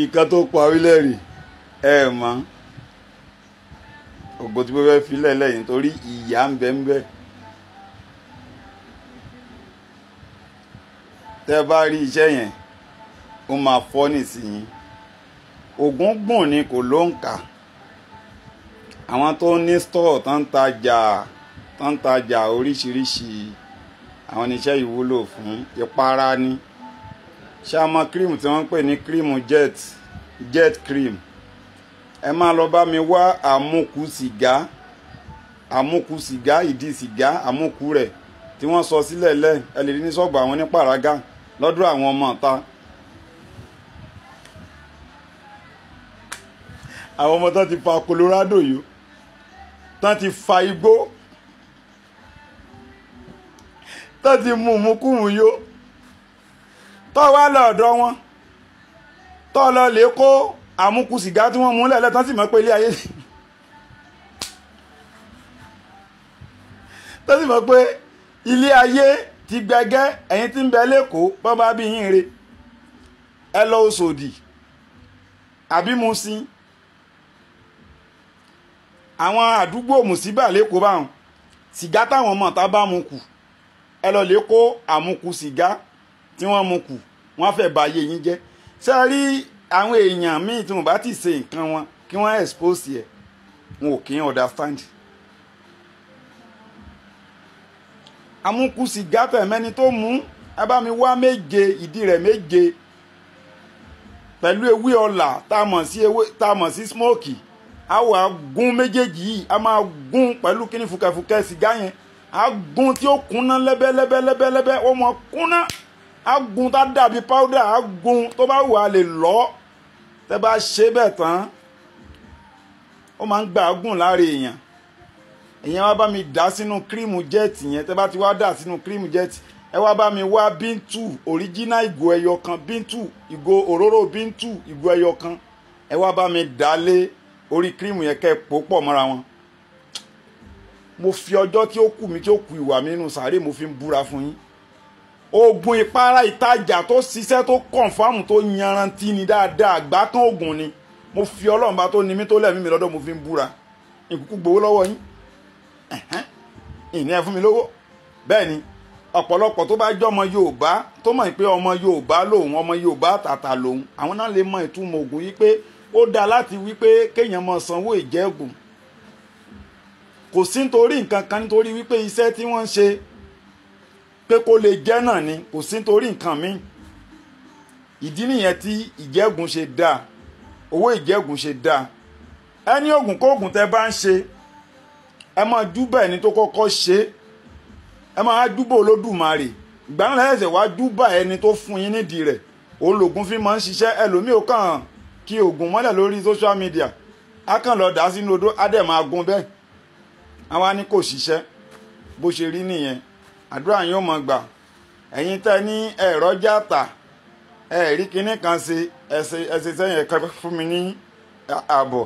ìkan tó parí lẹ́rìí ẹ mọ́ ògo tí mo fẹ́ fi lẹ́lẹ́ yìí torí ìyá ń bẹ ń bẹ. tẹ́ bá rí iṣẹ́ yẹn ó máa fọ́ nísìnyí ògùn gbùn ni kò ló ń kà àwọn tó ní stọọ tó ń tajà tó ń tajà oríṣiríṣi àwọn oníṣẹ́ ìwúlò fún ìpara ni ṣé a mọ cream tí wọ́n ń pè ní cream jet jet cream ẹ máa lọ bá mi wá àmúkù sìgá àmúkù sìgá ìdí sìgá àmúkù rẹ̀ tí wọ́n sọ sílẹ̀ lẹ́ ẹ lè rí ní sọ́ọ̀bù àwọn ní pàrágà lọ́dọ̀ àwọn ọmọ ọ̀ta àwọn ọmọ tán ti fa Colorado yìí tán ti fa igbó tán ti mú mú kùmù yó tó wá lọ́ọ̀dọ̀ wọn tó lọ lè kó àmúkù sìgá tí wọ́n mú lẹ́lẹ́ tán sì mọ̀ pé ilé ayé tán sì mọ̀ pé ilé ayé ti gbẹgẹ́ ẹ̀yin tí ń bẹ lẹ́kọ̀ọ́ bọ́n bá bí yín re ẹ lọ Òṣòdì àbí Mùsìn àwọn àdúgbò mùsíbà lẹ́kọ̀ọ́ báwọn sìgá táwọn ọmọ ta bá mu kù ẹ lọ lè kó àmúkù sìgá tí wọ́n mu kù wọ́n fẹ́ ba ayé yín jẹ́ ṣé rí àwọn èèyàn míì tí wọ́n bá ti ṣe nǹkan wọn kí wọ́n expose yẹ wọn ò kí ń understand. amúkú sìgá tẹ̀mẹ́ni tó mú ẹ bá mi wá méje ìdí rẹ̀ méje pẹ̀lú ewé ọ̀là tá a mọ̀ sí smoke a wà gún méjèèjì yìí a máa gún pẹ̀lú kíní fùkẹ̀fùkẹ̀ sìgá yẹn a gún tí ó kúnná lẹ́bẹ́lẹ́bẹ́lẹ́bẹ́ ó mọ kúnná agun tá dàbí powder agun tó bá wù á lè lọ tẹ́ bá ṣe bẹ́ẹ̀ tán ó máa ń gba agùn lára èèyàn èèyàn wá bá mi dà sínú cream jẹ́ẹ̀tì yẹn tẹ́ bá ti wá dà sínú kírìmù jẹ́ẹ̀tì ẹ wá bá mi wá bíntù original ìgò ẹyọ kan bíntù ìgò òróró bíntù ìgò ẹyọ kan ẹ wá bá mi dà lé orí kírìmù yẹn kẹ́ ẹ pò pọ̀ mọ́ra wọn mo fi ọjọ́ tí ó kù mí tí ó kù ìwà mi nù sàárè mo fi ń búra fún yín oògùn ìpara ìtajà tó ṣiṣẹ́ tó kọ̀ǹfàmù tó yanrantí ni dáadáa àgbá kan oògùn ni mo fi ọlọ́run bá tó ni mí tó lẹ́mí mi lọ́dọ̀ mo fi ń búra ìkúkú gbowó lọ́wọ́ yín ìní ẹ fún mi lówó bẹ́ẹ̀ ni ọ̀pọ̀lọpọ̀ tó bá jẹ́ ọmọ yorùbá tó mọ̀ pé ọmọ yorùbá lòun ọmọ yorùbá tàtà lòun àwọn náà lè mọ ìtumọ̀ ògùn yìí pé ó dáa láti wí pé kéèyàn mọ sanwó ìjẹ́gùn kò sí nítorí nǹkan kan nítorí wípé iṣẹ́ tí wọ́n ń ṣe pé kó lè jẹ́ náà ni kò sí nítorí nǹkan míì ìdí nìyẹn tí ìjẹ́gun ṣe dáa owó ìjẹ́gun ṣe dáa ẹni oògùn kóògùn tẹ bá ń ṣe ẹ máa júbà ẹni tó kọ́kọ́ ṣe ẹ máa júbà olódùmarè ìgbàlẹ̀ ẹ̀sẹ̀ wá júbà ẹni tó fún yín nídìí rẹ̀ òun lògùn fi máa ń ṣiṣẹ́ ẹlòmíì ó kàn kí oògùn mọ́lẹ̀ lórí social media á kàn lọ dá sínú odó á dẹ̀ máa gun bẹ́ẹ̀ àwa ni kò ṣiṣẹ́ bó ṣe rí nìyẹn àdúrà yín ó mọ̀ gbà ẹ̀yin tẹ́ ní ẹ̀rọ jáàtà ẹ̀rí kinní kan ṣe ẹ̀ṣẹ̀ ẹ̀ṣẹ̀ sẹ́yìn ẹ̀ka fún mi ní ààbọ̀